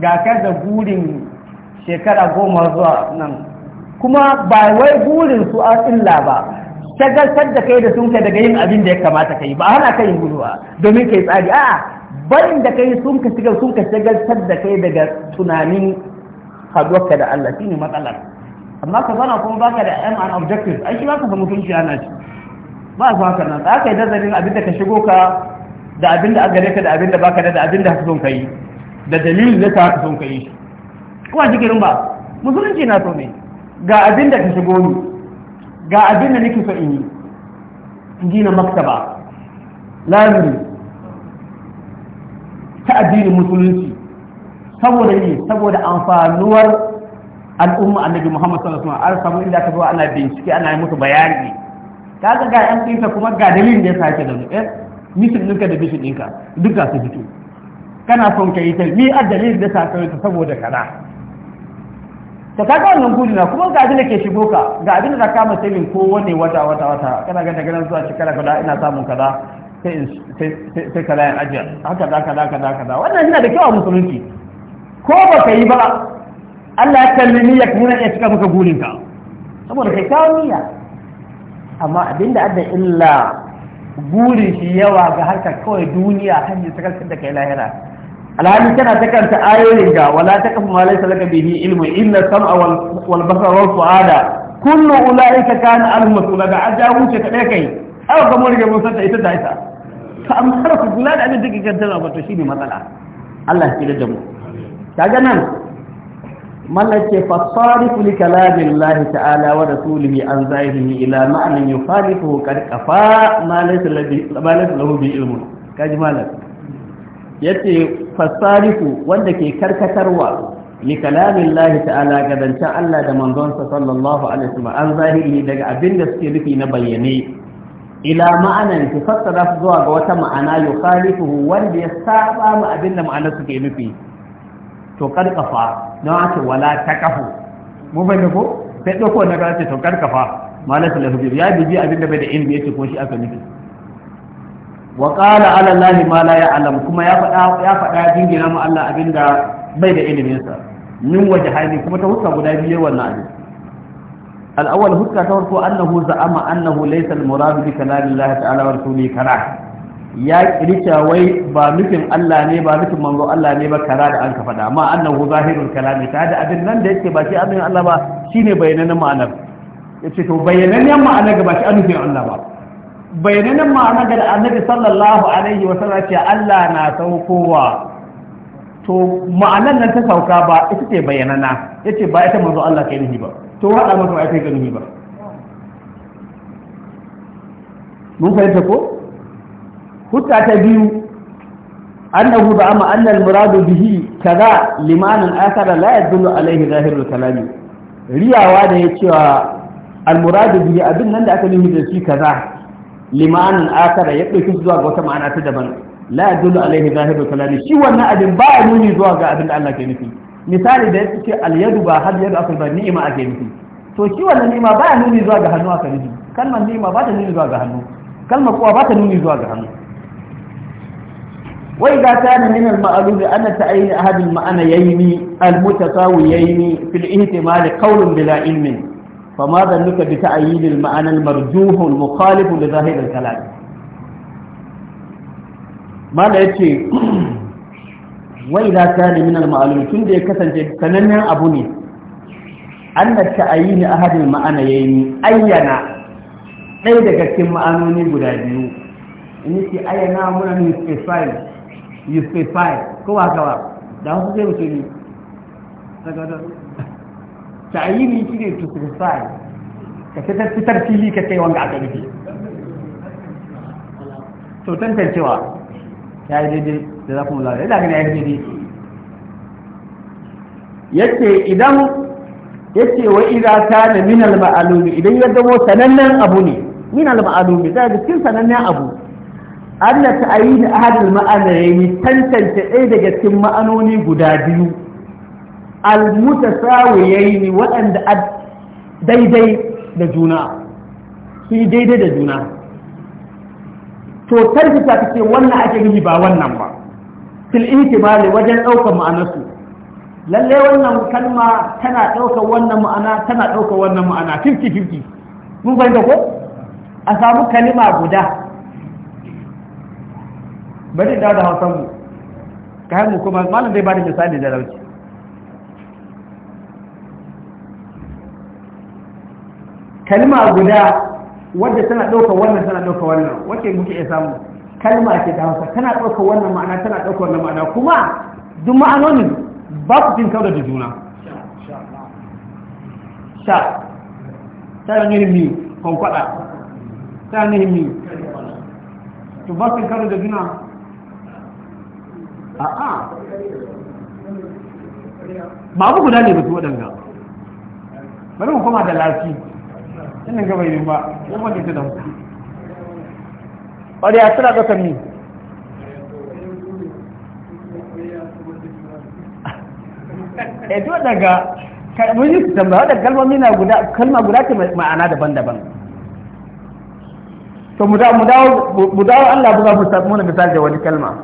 ga ka da gurin shekara goma zuwa nan kuma ba wai gurin su a illa ba shagaltar da kai da sun ka daga yin abin da ya kamata ka yi ba ana kai yin guduwa domin kai tsari a'a barin da kai sun ka shiga sun ka shagaltar da kai daga tunanin haduwarka da Allah shine matsalar amma ka zana kuma baka da aim and objective ai shi baka samu kunci ana shi ba su haka nan za ka yi nazarin abin da ka shigo ka da abin da gare ka da abin da baka da da abin da haka son ka yi da dalilin da ta haka son ka yi kuma jikirin ba musulunci na so ne ga abin da ka shigo ni ga abin da nake so in yi gina maktaba lamiri ta addinin musulunci saboda ne saboda amfanuwar al'umma annabi Muhammad sallallahu alaihi wasallam an samu inda ka zo ana bincike ana yi musu bayani kaga ga yan ɗinka kuma ga dalilin da ya sake da eh misin ɗinka da bisin ɗinka duka su fito kana son ka yi ta ni a dalilin da sake ta saboda kana ta kaga wannan gudu na kuma ga abin da ke shigo ka ga abin da kama mai sabin ko wani wata wata wata kana ga daga nan zuwa shekara guda, ina samun kaza sai sai kaza yan ajiya haka haka da haka da wannan yana da kyau a musulunci ko ba ka yi ba Allah ya kalli niyyar kuma ya cika maka gurinka saboda kai kawo niyyar amma abinda adda illa burin shi yawa ga harkar kawai duniya kan yi sakarcin da kai lahira alhali tana ta kanta ayoyin ga wala ta kafa ma laysa bihi ilmu illa sam'a wal basara wal fu'ada kullu ulaika kana anhu mas'ula da aja wuce ta dai kai aw ga mun riga mun ta ita da ita to amma har ku kula da abin da kike ba to shine matsala Allah ya da mu kaga nan mallan ce fasarifu li kalamillahi ta'ala wa rasulihi an zahirihi ila ma'anin yufalifu qad qafa ma laysa lahu bi ilmun kaji mallan yace fasarifu wanda ke karkatarwa li kalamillahi ta'ala gadancan Allah da manzonsa sallallahu alaihi wasallam an zahirihi daga abinda suke nufi na bayyane ila ma'anan ki fassara zuwa ga wata ma'ana yukhalifuhu wanda ya saba abinda ma'anar suke nufi to don ake wala ta kafu mu bai da ko sai ɗauko na gana ce to karkafa Malam salahu biyu ya bibi abin da bai da ilmi ya ko shi aka nufi wa qala ala allahi ma la ya'lam kuma ya faɗa ya faɗa dingina mu Allah abin da bai da ilimin sa min hali kuma ta huska guda biyu wannan abin al-awwal huska ta farko annahu za'ama annahu laysa al-murad bi kalami Allah ta'ala wa rasulihi kana ya kirkira wai ba nufin Allah ne ba nufin manzo Allah ne ba kara da an ka faɗa amma annahu zahirul kalami ta da abin nan da yake ba shi abin Allah ba shine bayanan ma'anar yace to bayanan ma'anar ga ba shi nufin Allah ba bayanan ma'anar da annabi sallallahu alaihi wa sallam ce Allah na saukowa to ma'anan nan ta sauka ba ita ce bayanana yace ba ita manzo Allah kai nufi ba to wada masa ba ita ga nufi ba mun fahimta ko hujja ta biyu annahu da amma annal muradu bihi kaza limanin akara la yadullu alaihi zahirul kalami riyawa da ya cewa al muradu bihi abin nan da aka nufi da shi kaza limanin akara ya dauki zuwa ga wata ma'ana ta daban la yadullu alaihi zahirul kalami shi wannan abin ba ya nuni zuwa ga abin da Allah ke nufi misali da ya al yadu ba hal yadu akal ba ni'ima ake nufi to shi wannan ni'ima ba ya nuni zuwa ga hannu aka nufi kalmar ni'ima ba ta nuni zuwa ga hannu kalmar kuwa ba ta nuni zuwa ga hannu وإذا كان من المعلوم أن تعين أحد المعنيين المتساويين في الاحتمال قول بلا علم فما ظنك بتعيين المعنى المرجوح المخالف لظاهر الكلام ما لا يتشي وإذا كان من المعلوم كنت يكسن سننن أبني أن تعيين أحد المعنيين أينا ɗaya daga cikin ma'anoni guda biyu in yake ayyana muna ne specified you specify ko ba ka ba da wasu zai mutum ne ne shi ne to specify ka ta fitar fili ka kai wanga aka nufi to tantancewa ya yi daidai da za ku kuma lalata ina gani ya yi daidai yace idan yace wa idza kana min al ma'alumi idan ya zama sanannen abu ne min al ma'lumi da cikin sanannen abu an na ta'ayi da ahadin ma'anayi tantance ɗaya daga cikin ma'anoni guda biyu almutasawiyayi ne waɗanda daidai da juna su yi daidai da juna to tarfi ta ce wannan ake gini ba wannan ba fil ihtimali wajen ɗaukar ma'anarsu lallai wannan kalma tana ɗaukar wannan ma'ana tana ɗaukar wannan ma'ana 50-50 mun fahimta ko a samu kalima guda bari da da hausan mu kayan mu kuma malam zai bada misali da rauci kalma guda wadda tana ɗauka wannan tana ɗauka wannan wacce muke iya samu kalma ke ta hausa tana ɗauka wannan ma'ana tana ɗauka wannan ma'ana kuma duk ma'anonin ba ku cin kawo da juna sha ta mi ta mi to ba su da juna a'a abu guda ne mutu waɗanda bari mu koma da lafi inda ga bai ba ya wanda ta damu ɓari a tsira ƙasar ne e to daga mun yi tambaya da kalmomi na guda kalma guda ce ma'ana daban-daban to mu dawo Allah buga mu na misali da wani kalma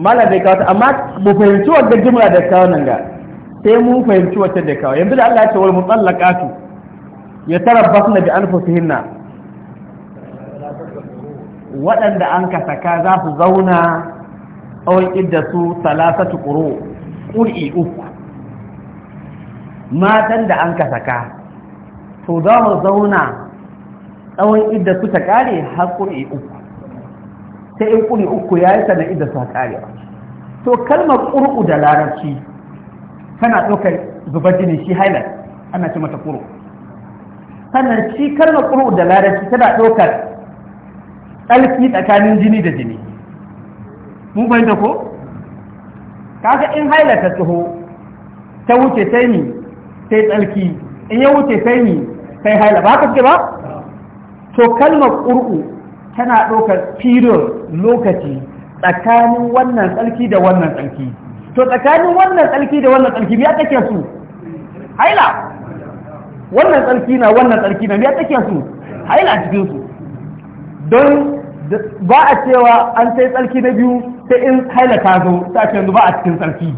mala bai kawo amma mu fahimci wadda jimla da kawo nan ga sai mu fahimci wacce da kawo yanzu da Allah ya ce wal mutallaqatu ya tarabbasna bi anfusihinna waɗanda an ka saka za su zauna awal idda su salasatu quru qur'i uku matan da an ka saka to za mu zauna tsawon idda su ta kare har qur'i uku ta in kuri uku ya yi sana'in da sa ba. to kalmar ƙur'u da larabci tana ɗaukar zubar jini shi highlight ana ce mata ƙur'u sannan shi kalmar ƙur'u da larabci tana ɗaukar tsarki tsakanin jini da jini mun da ko kaga in highlight ta tsoho ta wuce sai ni sai tsarki in ya wuce sai ni sai highlight ba ka ce ba to kalmar ƙur'u tana ɗaukar period lokaci tsakanin wannan tsarki da wannan tsarki to tsakanin wannan tsarki da wannan tsarki biya take su haila wannan tsarki na wannan tsarki na biya take su haila cikin su don ba a cewa an sai tsarki na biyu sai in haila ta zo ta ce yanzu ba a cikin tsarki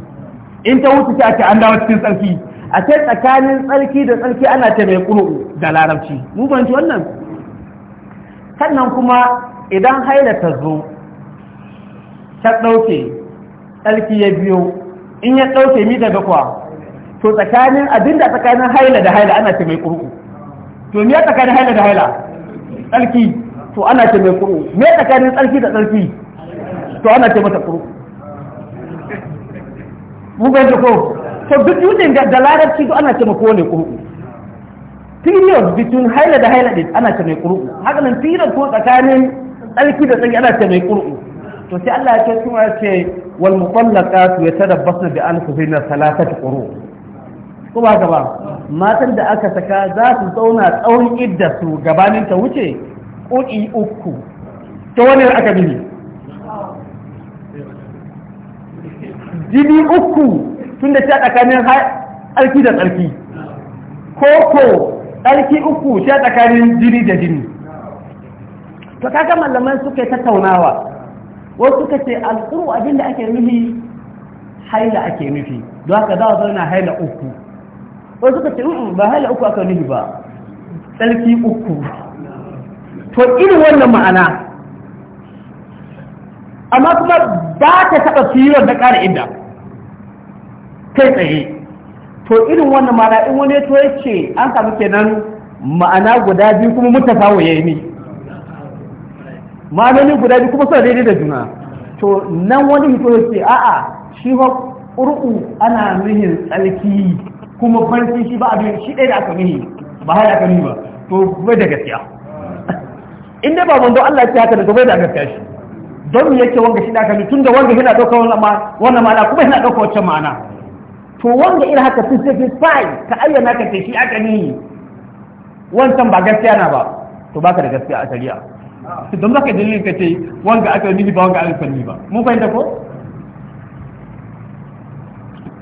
in ta wuce ta ce an dawo cikin tsarki a ce tsakanin tsarki da tsarki ana ta mai ƙuru da larabci mu banci wannan sannan kuma idan haila ta zo ta ɗauke tsarki ya biyo in ya ɗauke mi daga kwa to tsakanin abinda tsakanin haila da haila ana ce mai ƙurƙu to me tsakanin haila da haila tsarki to ana ce mai ƙurƙu me tsakanin tsarki da tsarki to ana ce mata ƙurƙu mu ga ko to duk yudin da larabci to ana ce mako ne ƙurƙu period between haila da haila din ana ce mai qur'u haka nan period ko tsakanin tsarki da tsarki ana ce mai qur'u to sai Allah ya ce kuma ya ce wal mutallaqatu yatarabbasna bi anfusina thalathati quru ko ba ka ba matan da aka saka za su zauna tsawon idda su gabanin ta wuce ƙoƙi uku ta wani aka bihi jini uku tun da ta tsakanin alki da tsarki koko tsarki uku a tsakanin jini da jini to kaga malaman suka yi tattaunawa wasu suka ce alƙuru abin da ake nufi haila ake nufi don haka za a zauna haila uku wasu suka ce ba haila uku aka nufi ba tsarki uku to irin wannan ma'ana amma kuma ba ta taɓa fiye da ƙara inda kai tsaye to irin wannan mana in wani to ce an samu kenan ma'ana guda biyu kuma mutafawo yi ni ma'anoni guda biyu kuma suna daidai da juna to nan wani hito ce a'a shi ba qur'u ana nuhin tsalki kuma farki shi ba abin shi ɗaya da aka nuhi ba har aka nuhi ba to bai da gaskiya in dai ba manzo Allah ya haka da bai da gaskiya shi don yake wanga shi da aka nuhi tunda wanga yana dauka wannan ma'ana kuma yana ɗaukar wacce ma'ana to wanda irin haka sai specify ka ayyana ka ce shi aka ni wancan ba gaskiya na ba to baka da gaskiya a shari'a don baka dalilin ka ce wanga aka ni ba wanga aka ni ba mun fahimta ko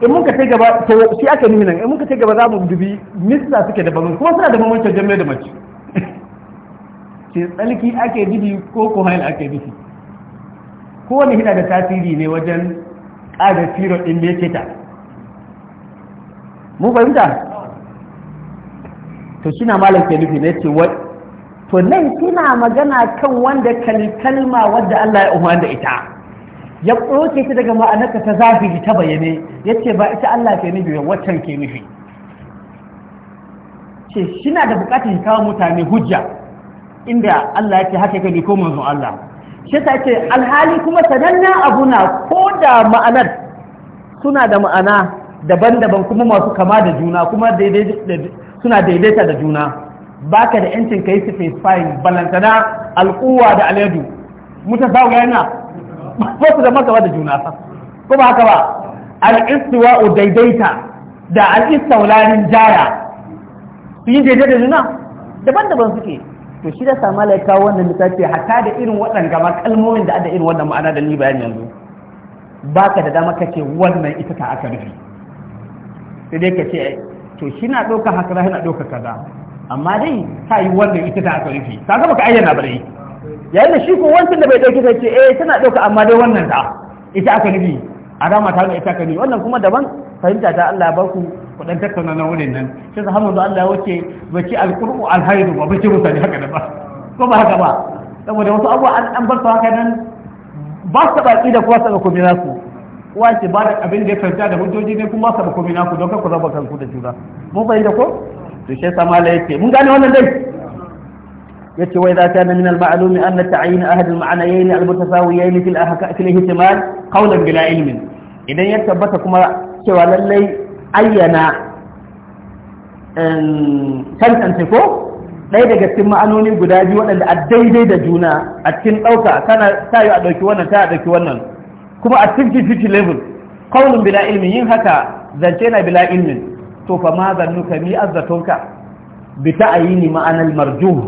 in mun ka kai gaba to shi aka nimi nan in mun ka kai gaba za mu dubi misla suke da bamu kuma suna da bambancin jami'a da mace ke tsalki ake dubi ko kohail ake Ko kowane hina da tasiri ne wajen ƙada tiro ɗin da ce ta mu fahimta to suna malam ke nufi ne ce to nan kina magana kan wanda kalma wadda Allah ya umarni da ita ya ƙoke ta daga ma'anarka ta zahiri ta bayyane ya ce ba ita Allah ke nufi ba waccan ke nufi ce shina da bukatar kawo mutane hujja inda Allah ya ce haka yake ne ko zuwa Allah shi ta ce alhali kuma sanannen abu na ko da ma'anar suna da ma'ana daban-daban kuma masu kama da juna kuma suna daidaita da juna baka da yancin ka yi su facefind balantana al'uwa da aladu muta sawu yana wasu da makawa da juna ko ba haka ba al'istuwa daidaita da al'istaularin jaya su yi daidaita da juna daban-daban suke to shi da sama laika wannan littafi hatta da irin waɗanda gama kalmomin da ada irin wannan ma'ana da ni bayan yanzu baka da dama kake wannan ita ta aka rufe sai dai ka ce to shi na ɗauka haka na ɗauka kaza amma dai ta yi wannan ita ta aka rufe ta ga ka ayyana ba dai yayin da shi ko wancan da bai ɗauki sai ce eh tana ɗauka amma dai wannan ta ita aka rufe a rama ta ita aka rufe wannan kuma daban fahimta ta Allah ya baku ku dan tattauna na wurin nan sai sa hamdu Allah ya wuce baki alqur'u alhaidu ba baki musali haka da ba ko ba haka ba saboda wasu abubuwa an bar su haka nan ba su ba da kuma saka ku bi za su kowa ce ba da abin da ya fahimta da hujjoji ne kuma ka komai ku don ku raba kanku da juna mun fahimta ko to shi yasa mala yake mun gane wannan dai yace wai za ta min al-ma'lumi ni ta'yin ahad al-ma'anayn al-mutasawiyayn fil ahkam fil ihtimal qawlan bila ilmin idan ya tabbata kuma cewa lallai ayyana tantance ko ɗaya daga cikin ma'anoni guda biyu waɗanda a daidai da juna a cikin ɗauka kana ta yi a ɗauki wannan ta a ɗauki wannan kuma a 50-50 level kaunin bila ilmi yin haka zance na bila ilmin to fa ma zannuka mi a bi ta'ayini ma'anar marjuh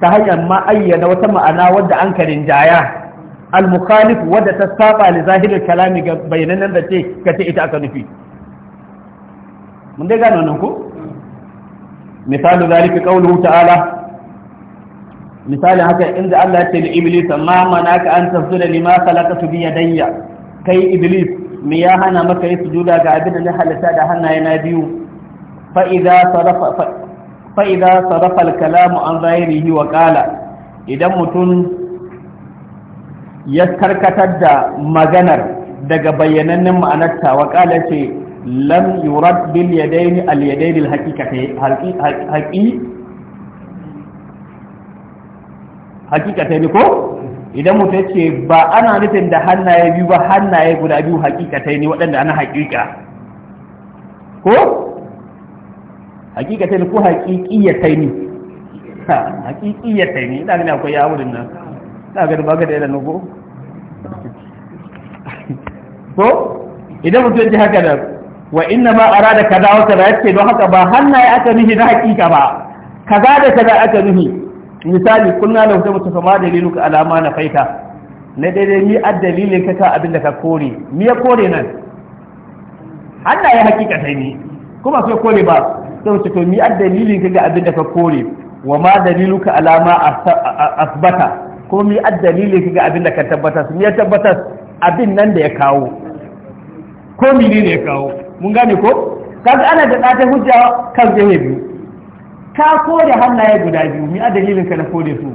ta hanyar ma ayyana wata ma'ana wadda an karin jaya al-mukhalif wadda ta saba li zahirin kalami ga bayanan da ce kace ita aka nufi mun dai gano nan ko misalu zalika qawluhu ta'ala misali haka inda Allah ya ce da iblis ma manaka an tafsira lima khalaqtu bi yadayya kai iblis me ya hana maka yi sujuda ga abin da na halitta da hannaye na biyu fa idza sarafa fa idza sarafa al-kalam an zahirihi wa qala idan mutum ya karkatar da maganar daga bayyanannen ma'anarta wa qala ce lam yurad bil yadaini al yadaini al haqiqati ta ne ko idan mutum ce ba ana nufin da hannaye biyu ba hannaye guda biyu ta ne waɗanda ana hakika ko ta ne ko ta ne ta ne ina gani akwai yawurin nan ina gani ba gada yana ko ko idan mutum ce haka da wa inna ma arada kaza wa kaza yace don haka ba hannaye aka nuhi na hakika ba kaza da kaza aka nuhi misali kunna da sai mutu kama dalilu ka alama na faita na daidai mi ad dalilin ka ka abin da ka kore ni ya kore nan Allah ya hakika sai ni kuma sai kore ba sai mutu to ni ad dalilin ka ga abin da ka kore wa ma dalilu ka alama asbata kuma mi ad dalilin ka ga abin da ka tabbata mi ya tabbata abin nan da ya kawo ko mi ne ya kawo mun gane ko kaga ana da ta hujja kan zai biyu ka kore hannaye guda biyu mi a dalilin ka na kore su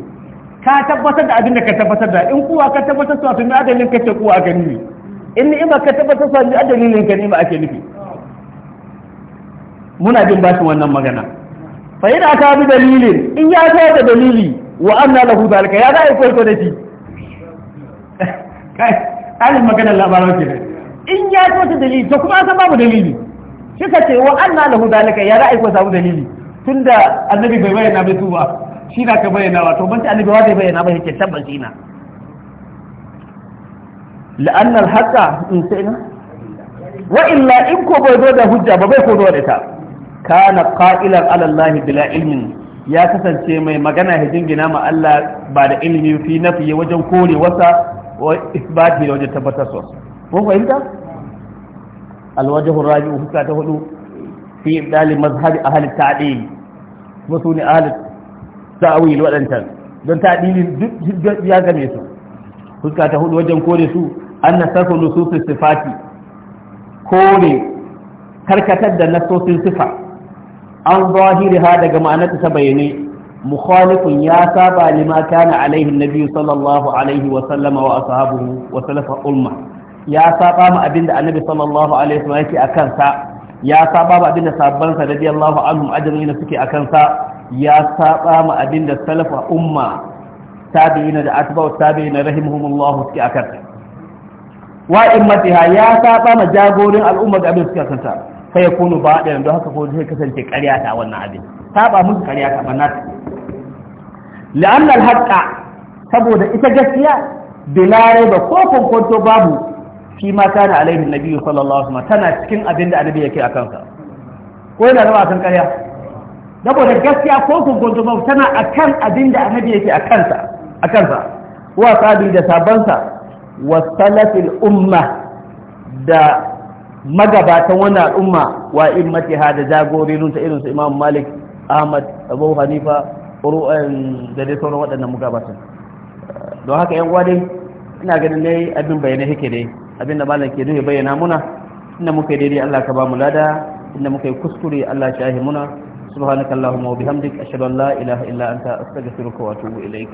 ka tabbatar da abin da ka tabbatar da in kuwa ka tabbatar su to mi adalilin dalilin ka ce kuwa aka nufi in ni ba ka tabbatar su mi a dalilin ka ba ake nufi muna jin bashi wannan magana fa yana ka bi dalilin in ya zo da dalili wa anna lahu zalika ya ga ko ko da shi kai alin maganar labaran ke in ya zo da dalili to kuma san babu dalili shi ka ce wa anna lahu zalika ya ga ko samu dalili tunda annabi bai bayyana mai su ba shi na ka bayyana wa to banci annabi wa zai bayyana ba yake tabbas shi na la'anna al in sai na wa illa in ko bai zo da hujja ba bai ko zo da ta kana qa'ilan ala Allah bila ilmin ya kasance mai magana ya hijingina ma Allah ba da ilimi fi nafi wajen kore wasa wa isbati wajen tabbatar tabbatarsa mun fahimta alwajhu rabi'u fuska ta hudu fi ibdali mazhabi ahli ta'dil kuma su ne ahli ta'wil wadancan don ta'dilin duk ya game su fuska ta hudu wajen kore su an nasarfa nusus sifati kore karkatar da nasosin sifa an zahiriha daga ma'anarta ta bayyane mukhalifun ya saba lima kana alaihi nabi sallallahu alaihi wa sallama wa ashabuhu wa ya saba abinda annabi sallallahu alaihi wa ya saba ma abinda sabban sa radiyallahu anhum ajma'in suke akan sa ya saba ma abinda salafa umma tabi'ina da atba'u tabi'ina rahimahumullah suke akan sa wa immatiha ya saba ma jagorin al'umma da abin suke akan sa sai ya kunu ba da don haka ko zai kasance ƙarya ta wannan abin saba musu ƙarya ta banna ta la'anna al-haqqa saboda ita gaskiya bilare ba ko kokonto babu fi ma kana alaihi nabi sallallahu alaihi wasallam tana cikin abin da annabi yake akan sa ko yana da akan ƙarya saboda gaskiya ko kun gunto ba tana akan abin da annabi yake akan sa akan sa wa sabi da sa wa salafil umma da magabatan wannan al'umma wa immati hada jagororinta irin su Imam Malik Ahmad Abu Hanifa Qur'an da dai sauran waɗannan magabatan don haka yan uwa dai ina ganin dai abin bayanai yake dai abinda malam ke duhe bayyana muna inda muka yi daidai Allah ka ba mu lada inda muka yi kuskure Allah shahi muna subhanaka allahumma wa bihamdik ashhadu an la ilaha illa anta astaghfiruka wa atubu ilaik